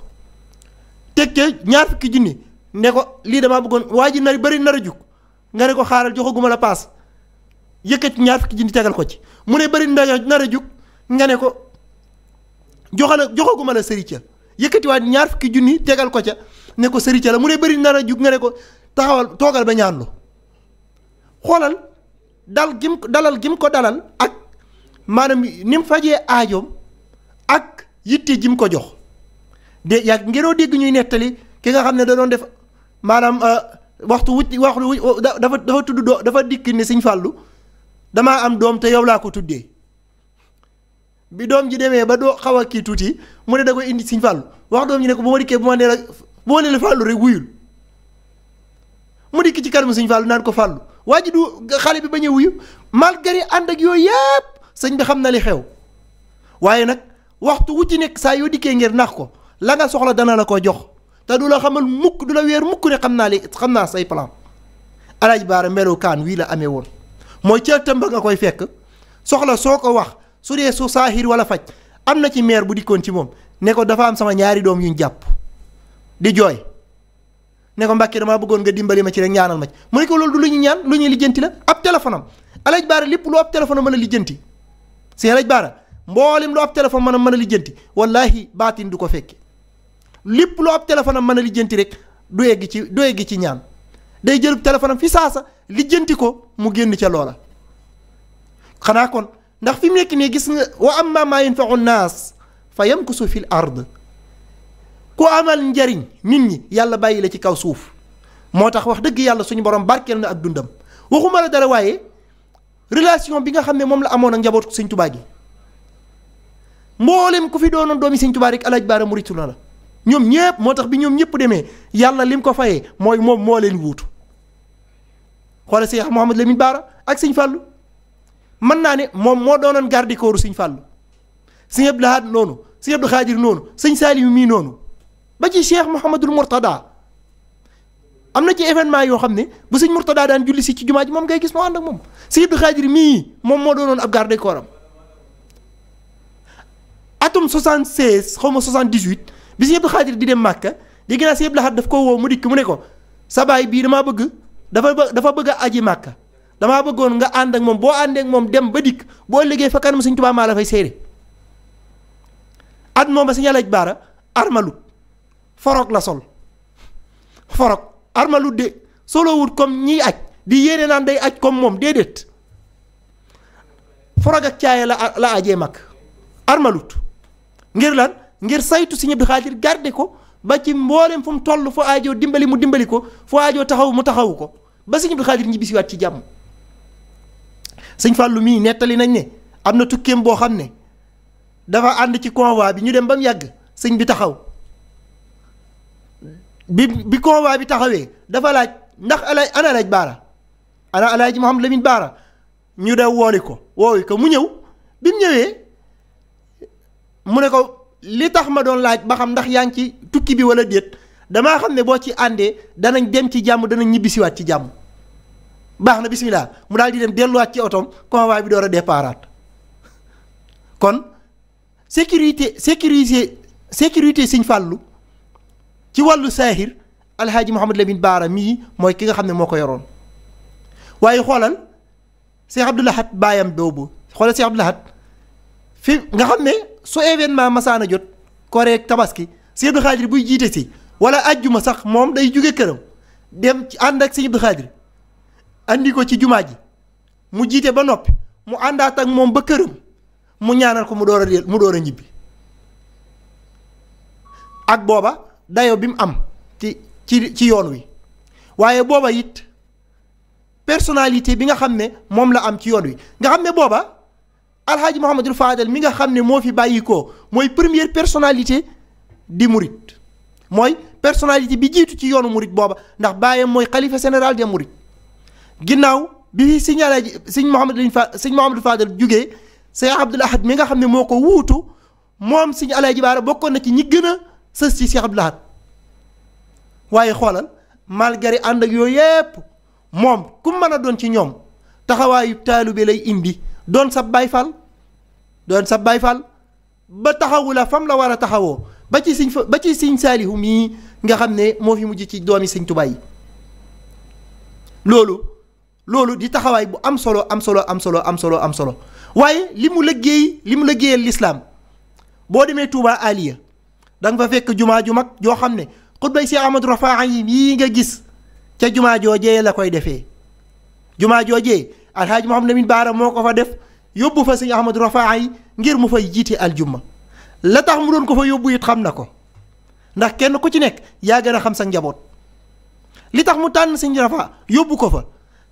tekkee ñaar fukki junni ne ko lii damaa bëggoon waa ji nar bari nar a jug nga ne ko xaaral joxaguma la paas yëkkati ñaar fukki junni tegal ko ci mu ne bëri nar a jug nga ne ko joxala joxaguma la sëri ca yëkkatiwaat ñaar fukki junni tegal ko ca ne ko sëri la mu ne bari nar a jug nga ne ko taxawal toogal ba ñaanlu xoolal dal gim dalal gim ko dalal ak maanaam ni mu fajee aajoom ak yitte jim ko jox de yàgg ngeenoo dégg ñuy nettali ki nga xam ne da doon def maanaam euh, waxtu wucc waxtu wucc oh, dafa dafa tudd doo dafa dikk ni Sëñ Fàllu damaa am doom te yow laa ko tuddee bi doom ji demee ba doo xaw a kii tuuti mu ne da koy indi Sëñ Fàllu wax doom ji ne ko bu ma dikkee bu ma nee la bu Fàllu rek wuyul mu dikk ci kanamu Sëñ Fàllu naan ko Fàllu waa ji du xale bi ba ñëw wuyu malgré ànd ak yooyu yëpp sëñ bi xam na li xew waaye nag waxtu wu ci nekk saa yoo dikkee ngir nax ko la nga soxla dana la ko jox te du la xamal mukk du la weer mukk ne xam naa li xam naa say plan alaaj baara kaan wii la amee woon mooy ca tëmb nga koy fekk soxla soo ko wax su dee su saaxiir wala faj am na ci meer bu dikkoon ci moom ne ko dafa am sama ñaari doom yuñ jàpp di jooy ne ko mbàkke damaa bëggoon nga dimbali ma ci rek ñaanal ma ci mu ne ko loolu du lu ñu ñaan lu ñuy lijjanti la ab téléphone am alaaj baara lépp lu ab téléphone mën a lijjanti si alaaj baara mboolem lu ab mën a mën a lijjanti wallaahi baatin du ko fekke lépp loo ab téléphone am mën a lijjanti rek du egg ci du egg ci ñaan day jël téléphone am fi saasa lijjanti ko mu génn ca loola. xanaa kon ndax fi mu nekk nii gis nga wa amma maa yanfau naas fa yamkusu fil ard ku amal njariñ nit ñi yàlla bàyyi la ci kaw suuf moo tax wax dëgg yàlla suñu borom barkeel na ak dundam waxuma la dara waaye relation bi nga xam ne moom la amoon ak njabootu sëñ tubaa gi mboolem ku fi doonoon doomi sëñ tubaa rek alaaj baara muritu ñoom ñëpp moo tax bi ñoom ñëpp demee yàlla lim ko fayee mooy moom moo leen wuutu xoolal Cheikh Mouhamadou Lamine Baara ak Sëñ Fàllu mën naa ne moom moo doonoon garde corps Sëñ Fàllu Sëñ Abdou Lahad noonu Sëñ Abdou Khadir noonu Sëñ Saalimu mii noonu ba ci Cheikh Mouhamadul Mourtada am na ci événement yoo xam ne bu Sëñ Mourtada daan julli si ci jumaa ji moom ngay gis moo ànd ak moom Sëñ Abdou Khadir mii moom moo doonoon ab garde corps am atum 76 xaw ma 78. bi si Abdou Xaadir di dem màkk dégg naa si Abdou Lahad daf ko woo mu dikk mu ne ko sa baay bii damaa bëgg dafa dafa bëgg a aji Màkka damaa bëggoon nga ànd ak moom boo àndeek moom dem ba dikk boo liggéey fa kanam Sëñ Tuubaa maa la fay séere at moom ba Sëñ Alaaji Baara armalut forog la sol forog armalut de solowut comme ñiy aj di yéene naan day aj comme moom déedéet forog ak caaya la la ajee mag armalut ngir lan ngir saytu Sëriñ Abdou Khadre garde ko ba ci mbooleem fu mu toll fu aajoo dimbali mu dimbali ko fu aajoo taxaw mu taxawu ko ba Sëriñ Abdou Khadre ñibbisiwaat ci jàmm sëñ Fallou mii nettali nañ ne am na tukkeem boo xam ne dafa ànd ci convoi bi ñu dem ba mu yàgg sëñ bi taxaw bi bi convoi bi taxawee dafa laaj ndax alaaj ana alaaj baara ana alaaj Mouhamed Lamine baara ñu daw wooli ko woowi ko mu ñëw bi mu ñëwee mu ne ko li tax ma doon laaj ba xam ndax yaa ngi ci tukki bi wala déet damaa xam ne boo ci àndee danañ dem ci jàmm danañ ñibbisiwaat ci jàmm baax na bismillah mu daal di dem delluwaat ci otoom convoi bi door a déparaat kon sécurité sécurité sécurité Sëñ Fàllu ci wàllu saahir alhaaji Mouhamed Lamine Baara mii mooy ki nga xam ne moo ko yoroon waaye xoolal Cheikh Abdoul Ahad baayam boobu xoolal Cheikh Abdoul Ahad fi nga xam ne soo événement masaana jot koreeg tabaski sëñ Abdou Khadre buy jiite si wala ajjuma sax moom day jóge këram dem ci ànd ak sëñ Abdou Khadre andi ko ci jumaa ji mu jiite ba noppi mu àndaat ak moom ba këram mu ñaanal ko mu door a del mu door a ñibbi ak booba dayo bi mu am ci ci ci yoon wi waaye booba it personnalité bi nga xam ne moom la am ci yoon wi nga xam ne booba alhaaji Mouhamadul Fadel mi nga xam ne moo fi bàyyi ko mooy première personnalité di murit mooy personnalité bi jiitu ci yoonu murit booba ndax bàyyam mooy xalifa général des murit ginnaaw bi fi sëñ alaaji sëñ Mouhamad lañ fa sëñ Mouhamadul Fadel jugee sëñ Abdul Ahad mi nga xam ne moo ko wuutu moom sëñ alaaji Baara bokkoon na ci ñi gën a sës ci Cheikh Abdul Ahad waaye xoolal malgré ànd ak yooyu yépp moom ku mën a doon ci ñoom taxawaayu taalu bi lay indi doon sab baay faal doon sab baay faal ba taxawu la fam la war a taxawoo ba ci siñ ba ci siñ saalihu mii nga xam ne moo fi mujj ci doomi sëñ Tuubaa yi loolu loolu di taxawaay bu am solo am solo am solo am solo am solo waaye li mu liggéey li mu liggéeyal lislaam boo demee Touba Aliya danga nga fa fekk jumaa ju mag joo xam ne xutbay si Ahmadu Rafaa yi yii nga gis ca jumaa joo joojee la koy defee jumaa joojee alhaaji Mouhamed Lamine Baara moo ko fa def yóbbu fa sëñ Ahmadou Rafaay ngir mu fay jiite aljumma la tax mu doon ko fa yóbbu it xam na ko ndax kenn ku ci nekk yaa gën a xam sa njaboot li tax mu tànn sëñ Rafa yóbbu ko fa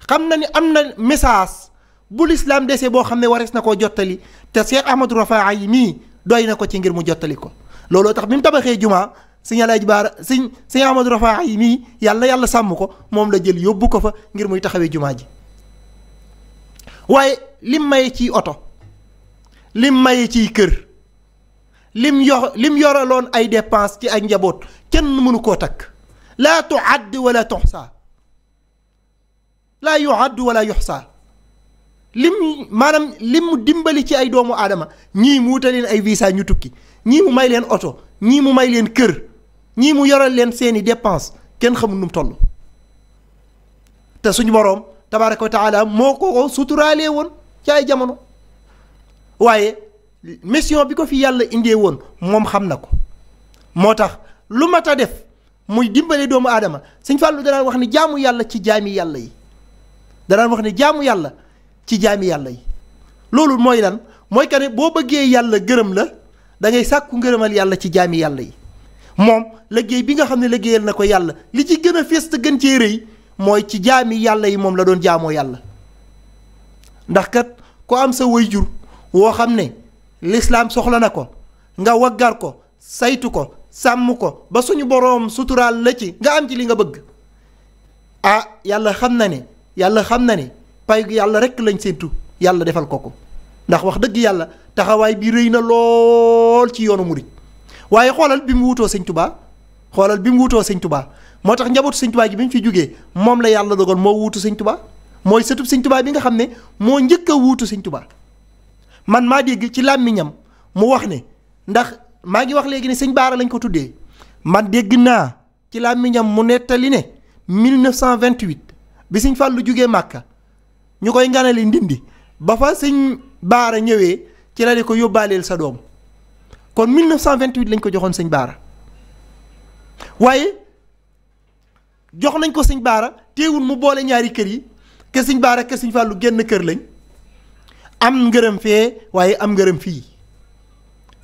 xam na ni am na message bu lislaam dese boo xam ne warees na koo jottali te Cheikh Ahmadou yi mii doy na ko ci ngir mu jottali ko looloo tax bi mu tabaxee jumaa sëñ Alaaji Baara sëñ sëñ Ahmadou yi mii yàlla yàlla sàmm ko moom la jël yóbbu ko fa ngir muy taxawee jumaa ji waaye lim maye ciy oto lim maye ciy kër lim yo lim yoraloon ay dépense ci ay njaboot kenn mënu koo takk laa tuadd wala tuxsaa laa yuadd wala yuxsaa lim maanaam lim mu dimbali ci ay doomu aadama ñii mu wuta ay visa ñu tukki ñii mu may leen oto ñii mu may leen kër ñii mu yoral leen seeni dépense kenn xamul nu mu toll te suñu boroom tabaaraka wa taala moo ko suturaalee woon ci ay jamono waaye mission bi ko fi yàlla indee woon moom xam na ko moo tax lu mat a def muy dimbale doomu aadama sëñ Fallou danaan wax ni jaamu yàlla ci jaami yàlla danaan wax ni jaamu yàlla ci jaami yàlla yi loolu mooy lan mooy que ne boo bëggee yàlla gërëm la da ngay sàkku ngërëmal yàlla ci jaami yàlla yi moom liggéey bi nga xam ne liggéeyal na ko yàlla li ci gën a fés te gën cee rëy mooy ci jaami yàlla yi moom la doon jaamoo yàlla ndax kat ku am sa jur woo xam ne lislaam soxla na ko nga waggar ko saytu ko sàmm ko ba suñu boroom suturaal la ci nga am ci li nga bëgg ah yàlla xam na ne yàlla xam na ne pay yàlla rekk lañ séentu yàlla defal ko ko ndax wax dëgg yàlla taxawaay bi rëy na lool ci yoonu murit waaye xoolal bi mu wutoo sëñ tubaa xoolal bi mu wutoo sëñ tubaa moo tax njabootu sëñ tubaa gi bi mu fi jógee moom la yàlla dogoon moo wuutu sëñ tubaa mooy sëtub sëñ tubaa bi nga xam ne moo njëkk a wuutu sëñ tubaa man maa dégg ci làmmiñam mu wax ne ndax maa ngi wax léegi ne sëñ baara lañ ko tuddee man dégg naa ci làmmiñam mu nettali ne 1928 bi sëñ fàllu jógee màkka ñu koy nganali ndindi ba fa sëñ baara ñëwee ci la ne ko yóbbaaleel sa doom kon 1928 lañ ko joxoon sañ baara waaye jox nañ ko sëñ baara teewul mu boole ñaari kër yi ke sëñ baara ke sëñ fàllu génn kër lañ am ngërëm fee waaye am ngërëm fii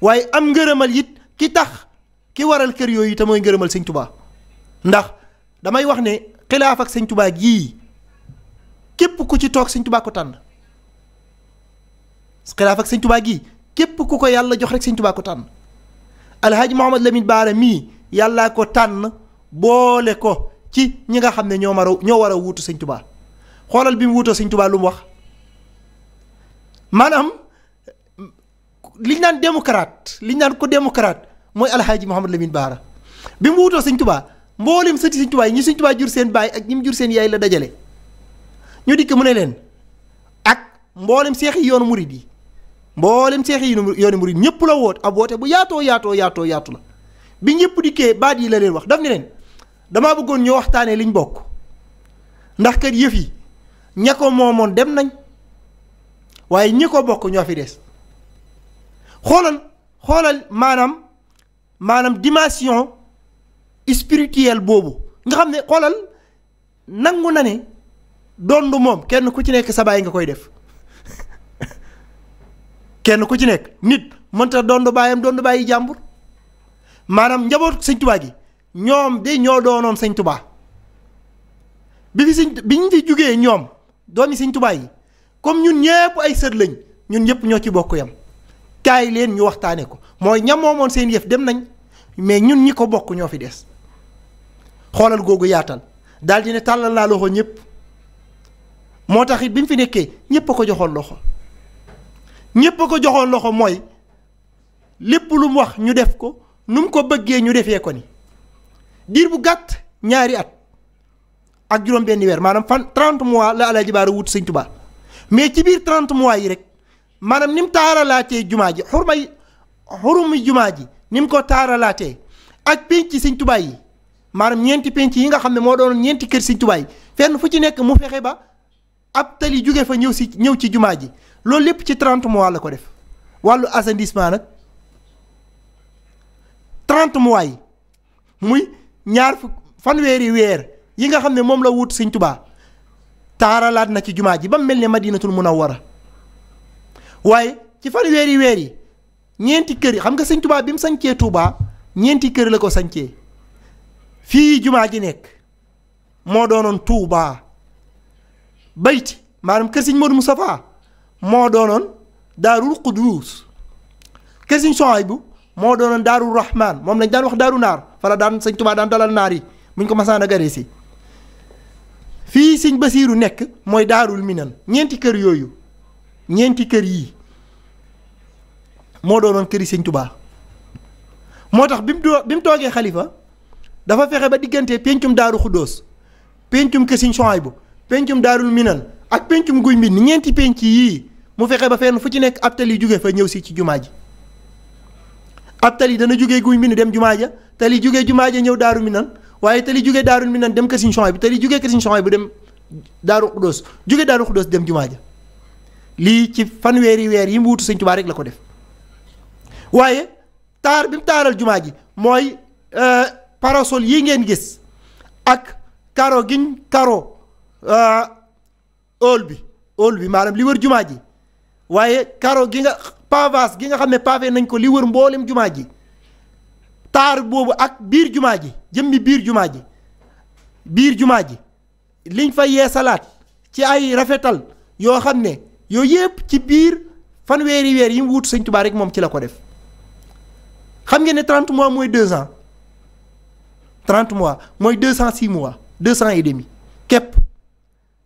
waaye am ngërëmal it ki tax ki waral kër yooyu te mooy ngërëmal sëñ tubaa ndax damay wax ne xilaaf ak sëñ tubaa képp ku ci toog sëñ tubaa ko tànn xilaaf ak gii képp ku ko yàlla jox rek sëñ tubaa ko tànn alhaaji Mohamad Lamine Baara mii yàllaa ko tànn boole ko ci ñi nga xam ne ñoo mar ñoo war a wuutu sëñ tubaa xoolal bi mu wuutoo sëñ tubaa lu mu wax maanaam liñ naan démocrate liñ naan ko démocrate mooy alxaaji Mouhamadou Lamine Baara bi mu wuutoo sëñ tubaa mboolem sëti sëñ tubaa yi ñi sëñ tubaa jur seen baay ak ñi mu jur seen yaay la dajale ñu dikk mu ne leen ak mboolem seex yi yoonu murid yi mboolem seex yi yoonu murid ñëpp la woot ab woote bu yaatoo yaatoo yaatoo yaatu la bi ñëpp dikkee baat yi la leen wax daf ne leen damaa bëggoon ñu waxtaanee liñ bokk ndax kër yëf yi ña ko moomoon dem nañ waaye ñi ko bokk ñoo fi des xoolal xoolal maanaam maanaam dimension spirituelle boobu nga xam ne xoolal nangu na ne dondu moom kenn ku ci nekk sa baay nga koy def kenn ku ci nekk nit mënta dondu baayam dondu bàyyi jàmbur maanaam njaboot sëñ Tuubaa gi ñoom de ñoo doonoon sëñ tubaa bi fi sëñ bi ñu fi jógee ñoom doomi sëñ tubaa yi comme ñun ñëpp ay sët lañ ñun ñëpp ñoo ci bokk yam kaay leen ñu waxtaane ko mooy ñam seen yëf dem nañ mais ñun ñi ko bokk ñoo fi des xoolal googu yaatal daal di ne tàllal naa loxo ñëpp moo taxit it bi mu fi nekkee ñëpp a ko joxoon loxo ñëpp a ko joxoon loxo mooy lépp lu wax ñu def ko nu ko bëggee ñu defee ko ni diir bu gàtt ñaari at ak juróom benn weer maanaam fan trent mois la Alaaji Baara wut sëñ Tuubaa mais ci biir 30 mois yi rek maanaam ni mu taaralaatee jumaa ji xurmay xurumi jumaa ji ni mu ko taaralaatee ak penc sëñ Tuubaa yi maanaam ñeenti penc yi nga xam ne moo doon ñeenti kër sëñ Tuubaa yi fenn fu ci nekk mu fexe ba ab tali jóge fa ñëw si ñëw ci jumaa ji loolu lépp ci 30 mois la ko def wàllu assainissement nag 30 mois yi ñaar fanweeri weer yi nga xam ne moom la wut sëñ tubaa taaralaat na ci jumaa ji ba mu mel ne madinatul munawwara waaye ci fanweeri weer yi ñeenti kër yi xam nga sëñ tubaa bi mu sancee tuubaa ñeenti kër la ko sañcee fii jumaa ji nekk moo doonoon tuubaa bayti maanaam kër sëñ Modou Moustapha moo doonoon daarul quduus kër sëñ bu moo doonoon daaru rahman moom lañ daan wax daaru naar fala daan sëñ tubaa daan dalal naar yi muñ ko masaan a gare si fii sëñ basiiru nekk mooy daarul minan ñeenti kër yooyu ñeenti kër yii moo doonoon këri sëñ tubaa moo tax bi mu bi mu toogee xalifa dafa fexe ba diggante pencum daaru xuddoos pencum kër sëñ Suwaybu pencum daarul minan ak pencum guy mbind ñeenti penc yii mu fexe ba fenn fu ci nekk ab tali jóge fa ñëw si ci jumaa ji ab tali dana jógee guy mbind dem jumaa ja li jógee jumaa ja ñëw daaru minan waaye tali jógee daaru minan dem Kër Sëriñ Suhaybu bi tali jógee Kër Sëriñ Suhaybu bu dem daaru xudóos jógee daaru xudóos dem jumaa ja lii ci fanweeri weer yi mu wutu Sëriñ Tuubaa rek la ko def waaye taar bi mu taaral jumaa ji mooy euh, parasol yi ngeen gis ak karo giñ karo óol euh, bi óol bi maanaam li wër jumaa ji waaye karo gi nga pavage gi nga xam ne pavé nañ ko li wër mboolem jumaa ji taar boobu ak biir jumaa ji jëmmi biir jumaa ji biir jumaa ji liñ fa yeesalaat ci ay rafetal yoo xam ne yooyu yëpp ci biir fanweeri weer yi mu wut sëñ Tuubaa rek moom ci la ko def xam ngeen ne trent mois mooy deux ans 30 mois mooy 206 mois 2 ans et demi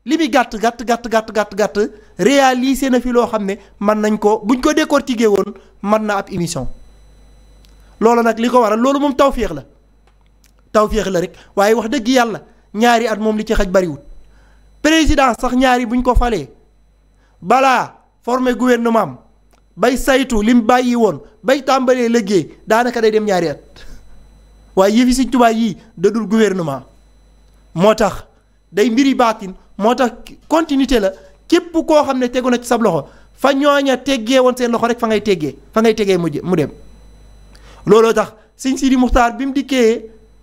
li muy gàtt gàtt gàtt gàtt gàtt gàtt réalisé na fi loo xam ne mën nañ ko buñ ko décortiqué woon mën na ab émission loolu nag li ko waral loolu moom tawféex la tawféex la rek waaye wax dëgg yàlla ñaari at moom li ci xaj bariwul président sax ñaari buñ ko falee balaa former gouvernement am bay saytu lim bàyyi woon bay tàmbalee liggéey daanaka day dem ñaari at waaye yëfi Sëñ Tuubaa yii da dul moo tax day mbiri baatin moo tax continuité la képp koo xam ne tegu na ci sab loxo fa ñooña teggee woon seen loxo rek fa ngay teggee fa ngay teggee mu mu dem looloo tax sëñ Sidi Muxtaar bi mu dikkee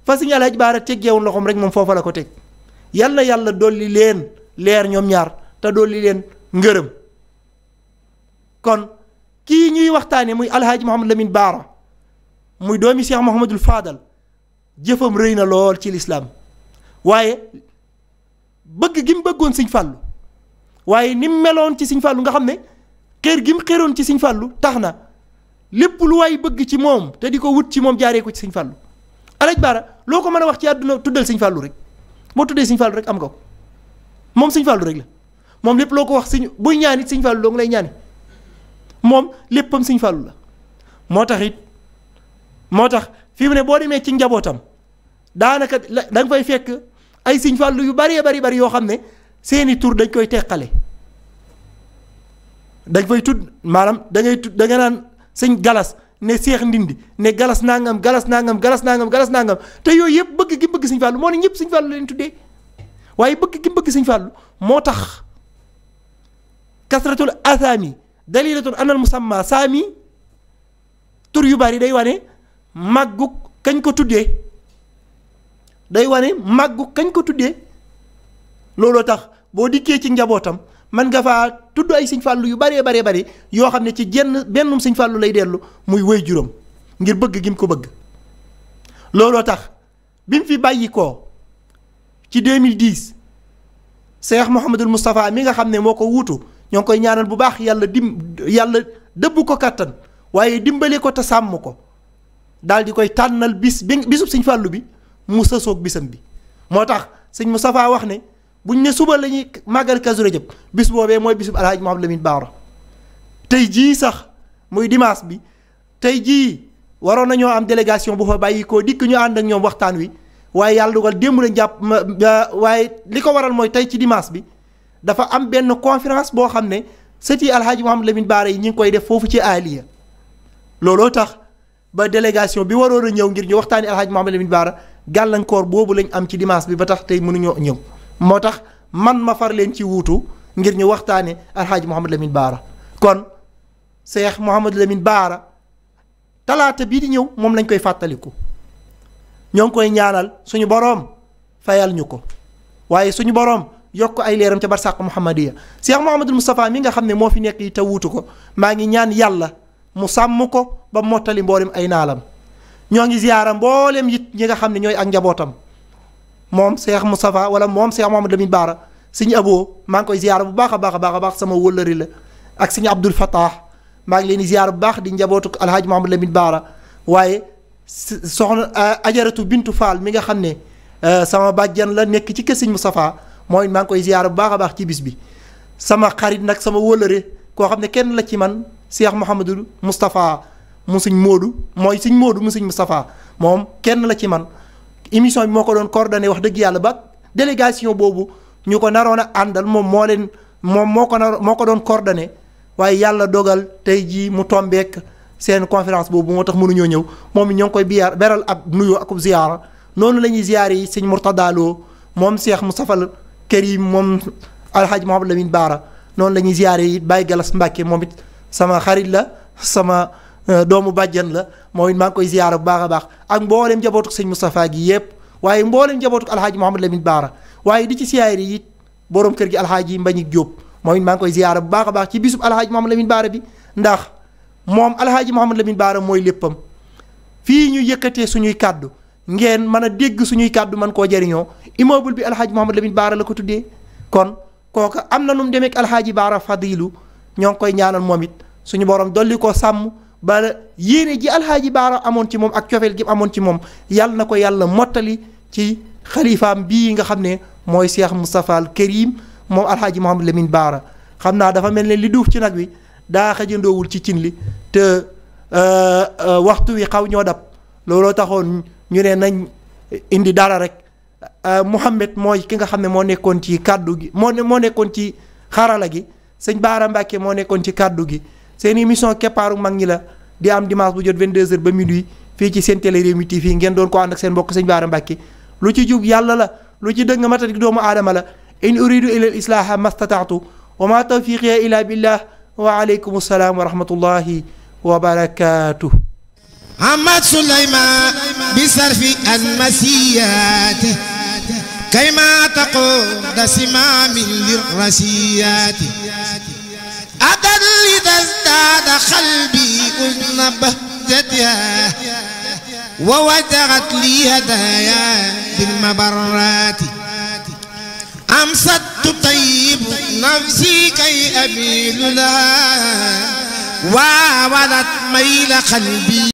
fa sëñ Alaaji Baara teggee woon loxoom rek moom foofa la ko teg yal na yàlla dolli leen leer ñoom ñaar te dolli leen ngërëm kon kii ñuy waxtaane muy alhaaji Mouhamad Lamine Baara muy doomi Cheikh Mouhamadul faadal jëfam rëy na lool ci lislaam waaye bëgg gi mu bëggoon sëñ fàllu waaye ni mu meloon ci sëñ fàllu nga xam ne kër gi mu xéeroon ci sëñ fàllu tax na lépp lu waay bëgg ci moom te di ko wut ci moom jaaree ko ci sëñ fàllu alaj baara loo ko mën a wax ci àdduna tuddal sëñ fàllu rek moo tuddee sëñ fàllu rek am nga ko moom sëñ fàllu rek la moom lépp loo ko wax sëñ buy ñaanit sëñ fàllu doo ngi lay ñaani moom léppam sëñ fàllu la moo tax it moo tax fi mu ne boo demee ci njabootam daanaka da nga fekk ay sëñ fàll yu bëree bari bari yoo xam ne seeni tur dañ koy teqale dañ koy tudd maanaam dangay ngay tudd da nga naan sëñ galas ne seex ndindi ne galas nangam galas nangam galas nangam galas nangam te yooyu yëpp bëgg gi bëgg sëñ fàllu moo ne ñëpp sëñ fàllu leen tuddee waaye bëgg gi bëgg sëñ fàllu moo tax kasratul asaami dalilatun anal musamma saami tur yu bari day wane màggug kañ ko tuddee day wane màggu kañ ko tuddee looloo tax boo dikkee ci njabootam man nga faa tudd ay sëñ fàll yu baree baree bari yoo xam ne ci jenn bennum sëñ fàllu lay dellu muy wéy juróom ngir bëgg gi mu ko bëgg looloo tax bi mu fi bàyyi ko ci 2010 Cheikh Mouhamadul Moustapha mi nga xam ne moo ko wuutu ñoo koy ñaanal bu baax yàlla dim yàlla dëbb ko kattan waaye dimbale ko te sàmm ko daal di koy tànnal bis bi bisub sëñ fàllu bi mu sësoog bisam bi moo tax sëñ Moustapha wax ne buñ ne suba la ñuy màggal Kazu Rajab bis boobee mooy bisub Alaaji Mouhamadou Lamine Baara tey jii sax muy dimanche bi tey jii waroon nañoo am délégation bu fa bàyyi koo dikk ñu ànd ak ñoom waxtaan wi waaye yàlla dugal démb lañ jàpp waaye li ko waral mooy tey ci dimanche bi dafa am benn conférence boo xam ne sëti Alaaji Mouhamadou Lamine Baara yi ñu ngi koy def foofu ci Aliya looloo tax ba délégation bi waroon a ñëw ngir ñu waxtaani Alaaji Mouhamadou Lamine Baara gàllankoor boobu lañ am ci dimanche bi ba tax tey mënuñoo ñëw moo tax man ma far leen ci wuutu ngir ñu waxtaane alxaaji Mouhamadou Lamine Baara kon seex Mouhamadou Lamine Baara talaata bii di ñëw moom lañ koy fàttaliku ñoo ngi koy ñaanal suñu boroom fayal ñu ko waaye suñu boroom yokk ay leeram ca barsàq Muhammadiya seex Mouhamadou Moustapha mi nga xam ne moo fi nekk yi te wuutu ko maa ngi ñaan yàlla mu sàmm ko ba mottali mboolem ay naalam ñoo ngi ziyaara mbooleem it ñi nga xam ne ñooy ak njabootam moom Cheikh Moustapha wala moom Cheikh Mouhamadou Lamine Baara suñu aboo maa ngi koy ziyaara bu baax a baax a baax a baax sama wëllëri la ak suñu Abdul Fatah maa ngi leen di ziyaara bu baax di njabootu Alhaji Mouhamadou Lamine Baara waaye soxna ajaratu bintu Fall mi nga xam ne euh, sama bàjjan la nekk ci kër Sëñ Moustapha mooy maa ngi koy ziyaara bu baax a baax ci bis bi sama xarit nag sama wëllëre koo xam ne kenn la ci man Cheikh Mouhamadou Moustapha mu sëñ Modou mooy sëñ Modou mu sëñ Moustapha moom kenn la ci man émission bi moo ko doon coordonné wax dëgg yàlla ba délégation boobu ñu ko naroon a àndal moom moo leen moom moo ko nar moo ko doon coordonné waaye yàlla dogal tey jii mu tombeek seen conférence boobu moo tax mënuñoo ñëw moom it ñoo ngi koy biyaar beral ab nuyoo akub ziyaara noonu la ñuy ziyaare yi sëñ Mourtada Lo moom Cheikh Moustapha Karim moom Alhaji Mouhamadou Lamine Baara noonu la ñuy ziyaare yi Baye Galas Mbacke moom it sama xarit la sama. Euh, doomu bàjjan la moom it maa ngi koy ziyaara bu baax a baax ak mboolem njabootu sëñ Moustapha gi yépp waaye mboolem njabootu alxaaji Mouhamed Lamine Baara waaye di ci siyaare it borom kër gi alxaaji Mbañik Diop moom it maa ngi koy ziyaara bu baax a baax ci bisub alxaaji Mouhamed Lamine Baara bi ndax moom alxaaji Mouhamed Lamine Baara mooy léppam fii ñu yëkkatee suñuy kàddu ngeen mën a dégg suñuy kàddu man koo jëriñoo immeuble bi alxaaji Mouhamed Lamine Baara la ko tuddee kon kooka am na mu demee ak alxaaji Baara Fadilu ñoo ba yéene ji alxaaji baara amoon ci moom ak cofeel gi amoon ci moom yàlla na ko yàlla mottali ci xalifaam bii nga xam ne mooy Cheikh Moustapha al Karim moom alxaaji Mouhamed Lamine Baara xam naa dafa mel ne li duuf ci nag wi daa xëjandoowul ci cin li te euh, euh, waxtu wi xaw ñoo dab looloo taxoon ñu ne nañ indi dara rek euh, Mouhamed mooy ki nga xam ne moo nekkoon ci kàddu gi moo moo nekkoon ci xarala gi sëñ Baara Mbàkke moo nekkoon ci kàddu gi seen émission keppaaru mag ñi la di am dimanche bu jot 22h ba minuit fii ci seen télé Rewmi TV ngeen doon ko ànd ak seen mbokk sëñ Baara Mbàkke lu ci jub yàlla la lu ci dëng matati doomu aadama la in uridu ila al islaaha mastataatu wa ma tawfiqiya ila billah wa aleykum assalaam wa rahmatullahi wa barakaatuh Ahmad Sulayman bi sarfi al masiyaat kay ma taqu da simaami أبا إذا ازداد قلبي أذن بهجتها ووجهت لي هدايا بالمبرات أمست تطيب نفسي كي أميل لها وعودت ميل قلبي